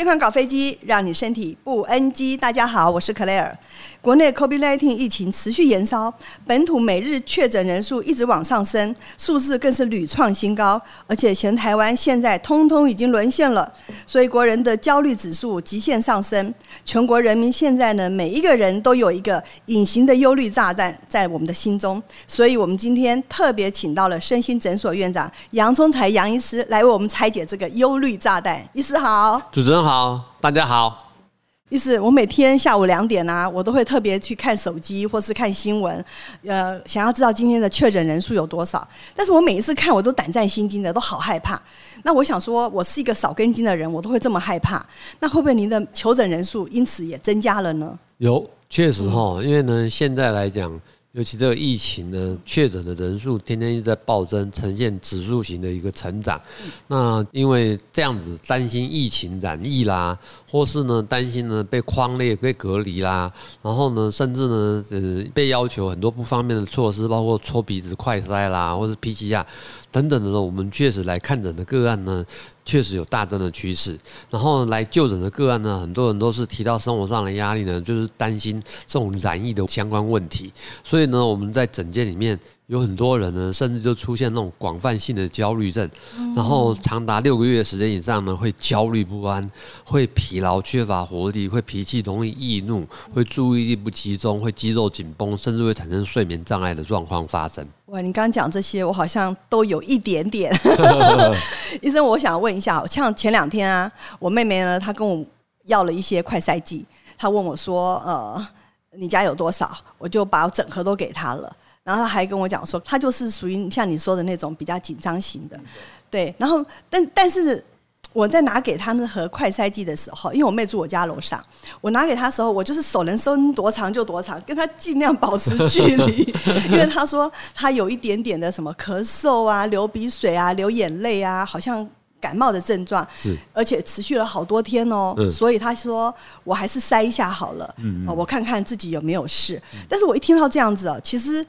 健康搞飛機，讓你身體不 NG。大家好，我是 Claire。國內 COVID-19 疫情持續延燒，本土每日確診人數一直往上升，數字更是屢創新高。而且全台灣現在通通已經淪陷了，所以國人的焦慮指數極限上升。全國人民現在呢，每一個人都有一個隱形的憂慮炸彈在我們的心中。所以我們今天特別請到了身心診所院長楊聰財楊醫師來為我們拆解這個憂慮炸彈。醫師好，主持人好。好，大家好。醫師，我每天下午兩點呐、啊，我都會特別去看手機或是看新聞，呃，想要知道今天的確診人數有多少。但是我每一次看，我都膽戰心驚的，都好害怕。那我想說，我是一個少根筋的人，我都會這麼害怕。那會不會您的求診人數因此也增加了呢？有，確實哈，因為呢，現在來講。尤其這個疫情呢，確診的人數天天一直在暴增，呈現指數型的一個成長。那因為這樣子擔心疫情染疫啦，或是呢擔心呢被匡列、被隔離啦，然後呢甚至呢呃被要求很多不方便的措施，包括戳鼻子、快篩啦，或是 PCR。等等的，等，我們確實來看診的個案呢，確實有大增的趨勢。然後來就診的個案呢，很多人都是提到生活上的壓力呢，就是擔心這種染疫的相關問題。所以呢，我們在診間裡面。有很多人呢，甚至就出現那種廣泛性的焦慮症，然後長達六個月時間以上呢，會焦慮不安，會疲勞、缺乏活力，會脾氣容易易怒，會注意力不集中，會肌肉緊繃，甚至會產生睡眠障礙的狀況發生、嗯。哇，你剛講這些，我好像都有一點點。 醫生，我想問一下，像前兩天啊，我妹妹呢，她跟我要了一些快篩劑，她問我說：“呃，你家有多少？”我就把我整盒都給她了。然後他還跟我講說，他就是屬於像你說的那種比較緊張型的，對。然後，但但是我在拿給他那盒快篩劑的時候，因為我妹住我家樓上，我拿給他的時候，我就是手能伸多長就多長，跟他盡量保持距離，因為他說他有一點點的什麼咳嗽啊、流鼻水啊、流眼淚啊，好像。感冒的症狀，是而且持續了好多天哦，所以他說我還是篩一下好了，嗯，嗯，哦，我看看自己有沒有事。但是我一聽到這樣子啊，哦，其實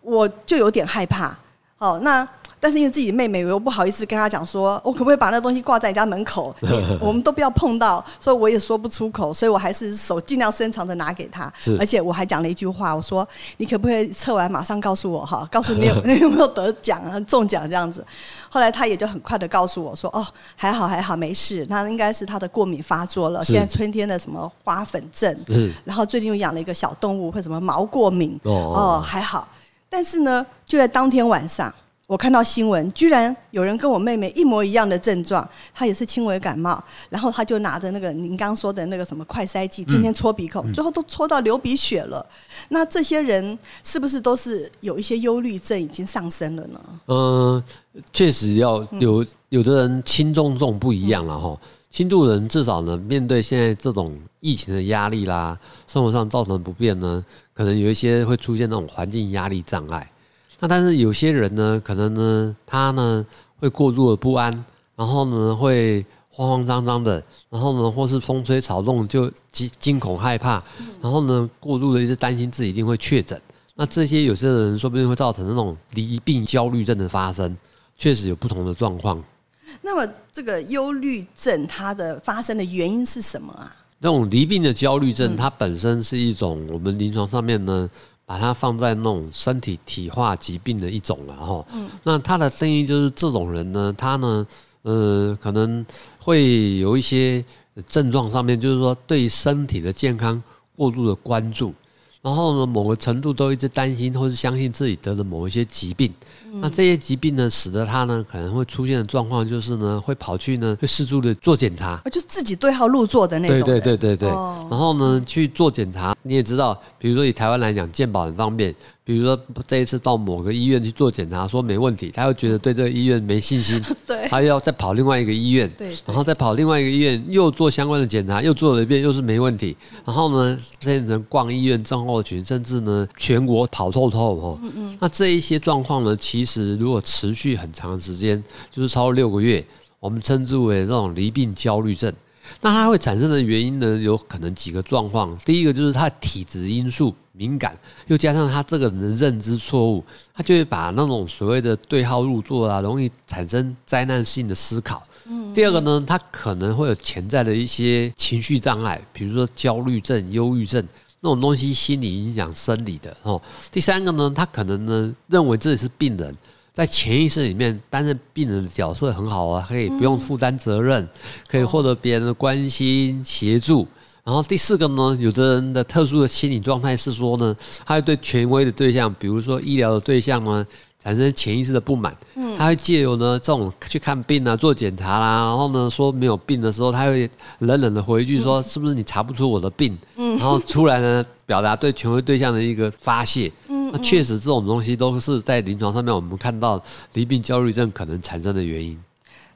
我就有點害怕。好，哦，那。但是因為自己妹妹，我又不好意思跟她講說，說我可不可以把那東西掛在人家門口？ 我們都不要碰到，所以我也說不出口，所以我還是手盡量伸長的拿給她。而且我還講了一句話，我說，你可不可以測完馬上告訴我哈，告訴你有，你有沒有得獎啊、中獎這樣子。後來她也就很快的告訴我說，哦，還好還好沒事，她應該是她的過敏發作了，現在春天的什麼花粉症，然後最近又養了一個小動物或者什麼毛過敏哦，哦，還好，但是呢，就在當天晚上。我看到新聞，居然有人跟我妹妹一模一樣的症狀，她也是輕微感冒，然後她就拿着那個您剛說的那個什麼快篩劑，天天搓鼻孔，最後都搓到流鼻血了。那這些人是不是都是有一些憂慮症已經上升了呢？嗯、呃，確實要有有的人輕重重不一樣了哈，輕、嗯哦、度人至少能面對現在這種疫情的壓力啦，生活上造成不便呢，可能有一些會出現那種環境壓力障礙。那但是有些人呢，可能呢，他呢會過度的不安，然後呢會慌慌張張的，然後呢或是風吹草動就驚驚恐害怕，然後呢過度的一直擔心自己一定會確診。那這些有些人說不定會造成那種罹病焦慮症的發生，確實有不同的狀況。那麼這個憂慮症它的發生的原因是什麼啊？那種罹病的焦慮症，它本身是一種我們臨床上面呢。把它放在那種身體體化疾病的一種了哈、嗯，那它的定義就是這種人呢，他呢，呃，可能會有一些症狀上面，就是說對身體的健康過度的關注。然後呢，某個程度都一直擔心或是相信自己得了某一些疾病，嗯、那這些疾病呢，使得他呢可能會出現的狀況就是呢，會跑去呢，會四處的做檢查，啊、就自己對號入座的那種的。對對對對對，哦、然後呢去做檢查，你也知道，比如說以台灣來講，健保很方便。比如說，這一次到某個醫院去做檢查，說沒問題，他又覺得對這個醫院沒信心，他又要再跑另外一個醫院，然後再跑另外一個醫院，又做相關的檢查，又做了一遍，又是沒問題。然後呢，變成逛醫院症候群，甚至呢，全國跑透透。那這一些狀況呢，其實如果持續很長的時間，就是超過六個月，我們稱之為這種罹病焦慮症。那它會產生的原因呢，有可能幾個狀況。第一個就是他的體質因素敏感，又加上他這個人的認知錯誤，他就會把那種所謂的對號入座啊，容易產生災難性的思考。嗯嗯嗯。第二個呢，他可能會有潛在的一些情緒障礙，比如說焦慮症、憂鬱症那種東西，心理影響生理的哦。第三個呢，他可能呢認為自己是病人。在潛意識裡面擔任病人的角色很好啊，可以不用負擔責任，可以獲得別人的關心協助、嗯。然後第四個呢，有的人的特殊的心理狀態是說呢，他會對權威的對象，比如說醫療的對象呢，產生潛意識的不滿。嗯，他會借由呢這種去看病啊、做檢查啦、啊，然後呢說沒有病的時候，他會冷冷的回一句說、嗯：“是不是你查不出我的病？”嗯，然後出來呢表達對權威對象的一個發洩。那確實，這種東西都是在臨床上面，我們看到罹病焦慮症可能產生的原因、嗯。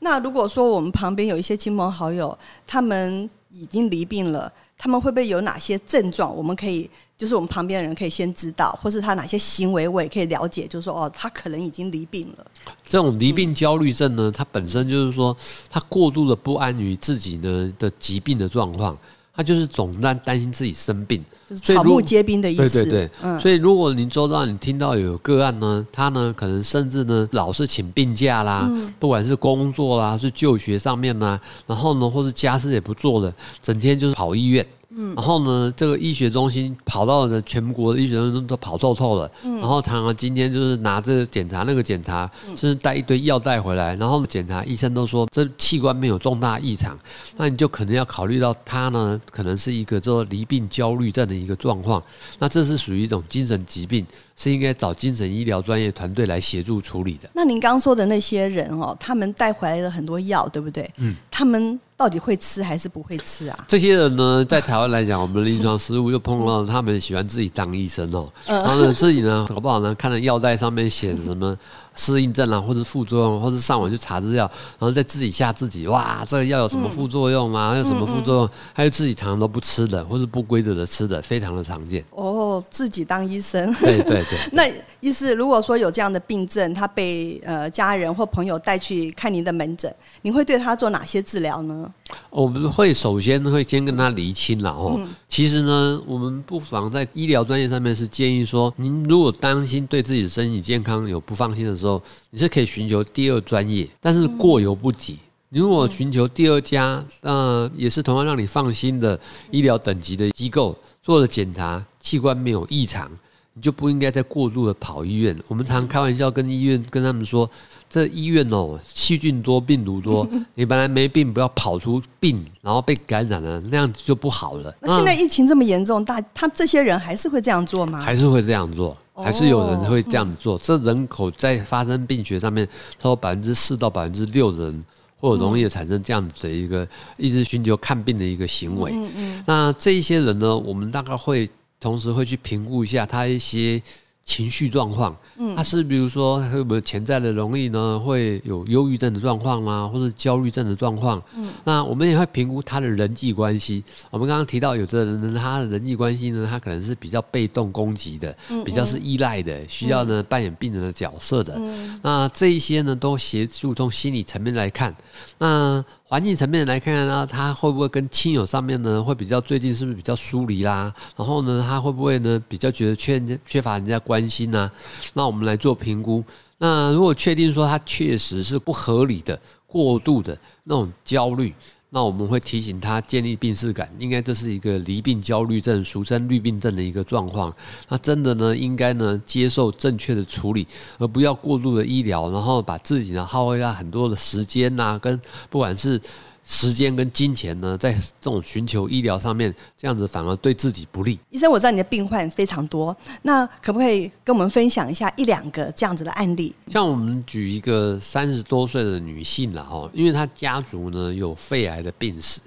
那如果說我們旁邊有一些親朋好友，他們已經罹病了，他們會不會有哪些症狀？我們可以，就是我們旁邊的人可以先知道，或是他哪些行為，我也可以了解，就是說哦，他可能已經罹病了。這種罹病焦慮症呢，嗯、它本身就是說，他過度的不安於自己呢的，的疾病的狀況。他就是總在擔心自己生病，就是草木皆兵的意思。對對對，所以如果您周、嗯、遭，你聽到有個案呢，他呢可能甚至呢老是請病假啦、嗯，不管是工作啦、是就學上面啦，然後呢或是家事也不做了，整天就是跑醫院。嗯、然後呢，這個醫學中心跑到了全國的醫學中心都跑臭臭了、嗯。然後，常常今天就是拿這個檢查那個檢查，甚、嗯、至帶一堆藥帶回來，然後檢查醫生都說這器官沒有重大異常，那你就可能要考慮到他呢，可能是一個叫做罹病焦慮症的一個狀況。那這是屬於一種精神疾病，是應該找精神醫療專業團隊來協助處理的。那您剛說的那些人哦，他們帶回來的很多藥，對不對？嗯。他們到底會吃還是不會吃啊？這些人呢，在台灣來講，我們的臨床實務又碰到他們喜歡自己當醫生哦、喔，然後呢，自己呢，搞不好呢，看到藥袋上面寫什麼適應症啊，或者副作用，或者上網去查資料，然後再自己嚇自己哇，這個藥有什麼副作用啊、嗯、有什麼副作用？還有自己常常都不吃的，或是不規則的吃的，非常的常見哦。自己當醫生，對對對，對， 那意思如果說有這樣的病症，他被呃家人或朋友帶去看您的門診，你會對他做哪些治療呢？我們會首先會先跟他釐清了哦、喔嗯。其實呢，我們不妨在醫療專業上面是建議說，您如果擔心對自己的身體健康有不放心的時候，你是可以尋求第二專業，但是過猶不及。嗯如果尋求第二家、嗯，呃，也是同樣讓你放心的醫療等級的機構、嗯，做了檢查，器官沒有異常，你就不應該再過度的跑醫院。嗯，我們常，常開玩笑跟醫院跟他們說，這醫院哦，喔，細菌多，病毒多，嗯，你本來沒病，不要跑出病，然後被感染了，那樣子就不好了。那現在疫情這麼嚴重，嗯，大他這些人還是會這樣做嗎？還是會這樣做，還是有人會這樣做，哦嗯。這人口在發生病學上面，超過百分之四到百分之六的人。或者容易產生這樣子的一個一直尋求看病的一個行為，嗯，嗯嗯，那這一些人呢，我們大概會同時會去評估一下他一些。情緒狀況，嗯，他是比如說有沒有潛在的容易呢，會有憂鬱症的狀況啊，或者焦慮症的狀況？嗯，那我們也會評估他的人際關係。我們剛剛提到，有的人呢，他的人際關係呢，他可能是比較被動攻擊的，嗯嗯，比較是依賴的，需要呢、嗯、扮演病人的角色的、嗯。那這一些呢，都協助從心理層面來看，那。環境層面來看呢，他會不會跟親友上面呢會比較最近是不是比較疏離啦、啊？然後呢，他會不會呢比較覺得缺缺乏人家關心呢、啊？那我們來做評估。那如果確定說他確實是不合理的、過度的那種焦慮。那我們會提醒他建立病識感，應該這是一個罹病焦慮症，俗稱慮病症的一個狀況。那真的呢，應該呢接受正確的處理，而不要過度的醫療，然後把自己呢耗費在很多的時間吶、啊，跟不管是。時間跟金錢呢，在這種尋求醫療上面，這樣子反而對自己不利。醫生，我知道你的病患非常多，那可不可以跟我們分享一下一兩個這樣子的案例？像我們舉一個三十多歲的女性啦齁，因為她家族呢有肺癌的病史，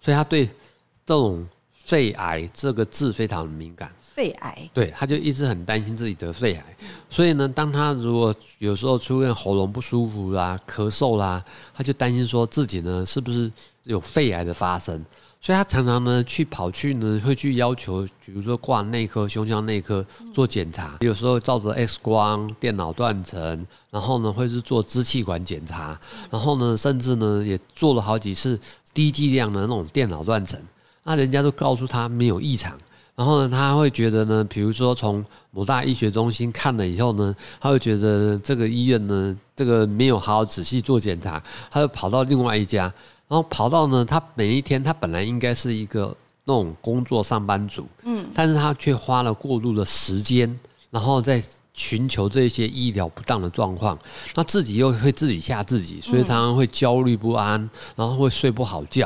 所以她對這種。肺癌這個字非常敏感。肺癌，對，他就一直很擔心自己得肺癌、嗯，所以呢，當他如果有時候出現喉嚨不舒服啦、啊、咳嗽啦、啊，他就擔心說自己呢是不是有肺癌的發生，所以他常常呢去跑去呢會去要求，比如說掛內科、胸腔內科做檢查、嗯，有時候照着 X 光、電腦斷層，然後呢會是做支氣管檢查，然後呢甚至呢也做了好幾次低劑量的那種電腦斷層。那人家都告訴他沒有異常，然後呢，他會覺得呢，比如說從某大醫學中心看了以後呢，他會覺得這個醫院呢、這個沒有好好仔細做檢查，他就跑到另外一家，然後跑到呢，他每一天他本來應該是一個那種工作上班族，嗯，但是他卻花了過度的時間，然後在尋求這些醫療不當的狀況，他自己又會自己嚇自己，所以常常會焦慮不安，然後會睡不好覺。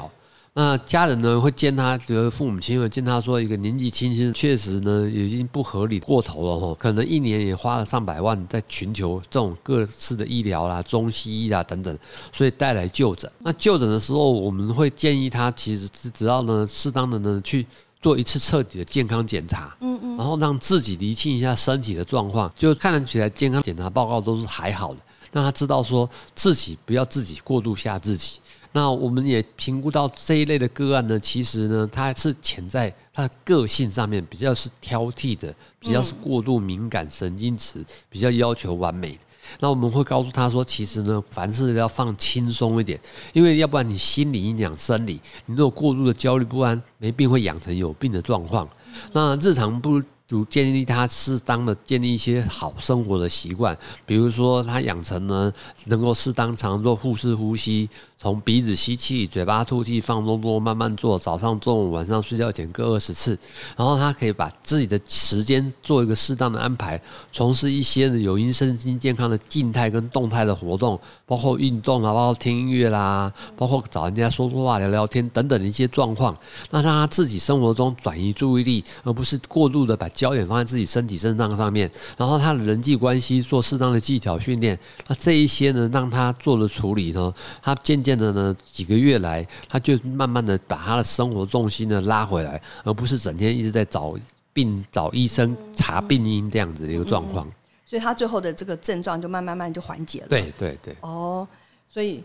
那家人呢會見他，覺得父母親會見他說，一個年紀輕輕，確實呢已經不合理過頭了哈，可能一年也花了上百萬，在尋求這種各式的醫療啦、中西醫啦等等，所以帶來就診。那就診的時候，我們會建議他，其實只要呢適當的呢去做一次徹底的健康檢查，嗯嗯，然後讓自己理清一下身體的狀況，就看起來健康檢查報告都是還好的。讓他知道說，自己不要自己過度嚇自己。那我們也評估到這一類的個案呢，其實呢，他是潛在他的個性上面比較是挑剔的，比較是過度敏感、神經質，比較要求完美的。那我們會告訴他說，其實呢，凡事要放輕鬆一點，因為要不然你心理影響生理，你如果過度的焦慮不安，沒病會養成有病的狀況。那日常不，就建立他適當的建立一些好生活的習慣，比如說他養成呢，能夠適當常做腹式呼吸。從鼻子吸氣，嘴巴吐氣，放鬆松，慢慢做。早上、中午、晚上睡覺前各二十次。然後他可以把自己的時間做一個適當的安排，從事一些有益身心健康的靜態跟動態的活動，包括運動啊，包括聽音樂啦，包括找人家說說話、聊聊天等等的一些狀況。那讓他自己生活中轉移注意力，而不是過度的把焦點放在自己身體症狀上、上面。然後他的人際關係做適當的技巧訓練。那這一些呢，讓他做的處理呢，他漸漸。的呢？幾個月來，他就慢慢的把他的生活重心呢拉回來，而不是整天一直在找病、找醫生查病因這樣子的一個狀況。嗯嗯。所以，他最後的這個症狀就慢慢慢慢就緩解了。對對對。哦，oh, 所以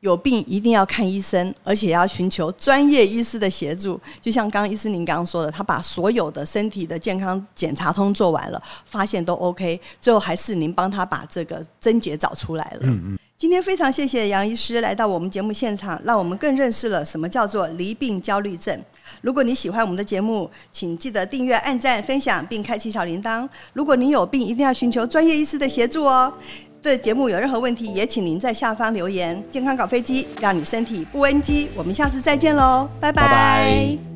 有病一定要看醫生，而且要尋求專業醫師的協助。就像剛剛醫師您剛剛說的，他把所有的身體的健康檢查通做完了，發現都 OK，最後還是您幫他把這個症結找出來了。嗯嗯。今天非常謝謝楊醫師來到我們節目現場，讓我們更認識了什麼叫做罹病焦慮症。如果你喜歡我們的節目，請記得訂閱、按讚、分享，並開啟小鈴鐺。如果你有病，一定要尋求專業醫師的協助哦。對節目有任何問題，也請您在下方留言。健康搞飛機，讓你身體不危機。我們下次再見嘍，拜拜。拜拜。